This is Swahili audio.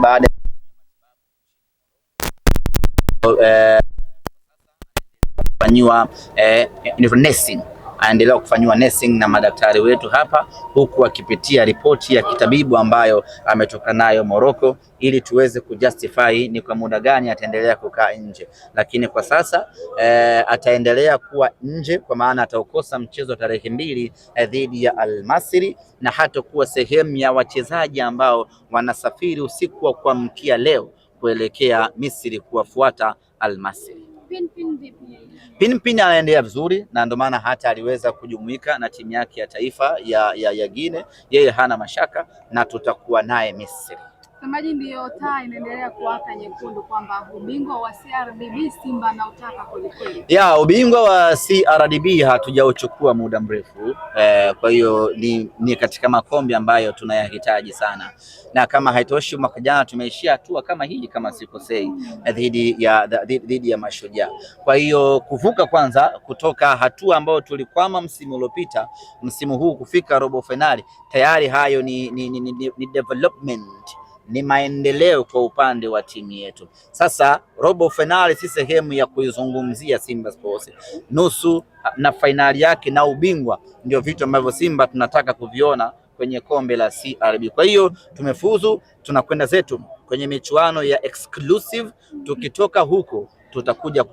baada ya eh, kufanyiwa nursing eh, aendelea kufanyiwa nursing na madaktari wetu hapa, huku akipitia ripoti ya kitabibu ambayo ametoka nayo Morocco, ili tuweze kujustify ni kwa muda gani ataendelea kukaa nje. Lakini kwa sasa e, ataendelea kuwa nje kwa maana ataokosa mchezo wa tarehe mbili eh, dhidi ya Al Masry na hata kuwa sehemu ya wachezaji ambao wanasafiri usiku wa kuamkia leo kuelekea Misri kuwafuata Al Masry. Pinpin vipi? anaendelea vizuri na ndio maana hata aliweza kujumuika na timu yake ya taifa ya, ya, ya Gine. Yeye hana mashaka na tutakuwa naye Misri. Mtazamaji, ndiyo taa inaendelea kuwaka nyekundu kwamba ubingwa wa CRDB Simba utaka kwelikweli. Ya ubingwa wa CRDB hatujauchukua muda mrefu eh, kwa hiyo ni, ni katika makombi ambayo tunayahitaji sana, na kama haitoshi, mwaka jana tumeishia hatua kama hii kama sikosei, eh, dhidi ya dhidi ya Mashujaa. Kwa hiyo kuvuka kwanza kutoka hatua ambayo tulikwama msimu uliopita, msimu huu kufika robo finali tayari, hayo ni, ni, ni, ni, ni development ni maendeleo kwa upande wa timu yetu. Sasa robo fainali si sehemu ya kuizungumzia Simba Sports. Nusu na fainali yake na ubingwa ndio vitu ambavyo Simba tunataka kuviona kwenye kombe la CRB. Kwa hiyo tumefuzu, tunakwenda zetu kwenye michuano ya exclusive. Tukitoka huko tutakuja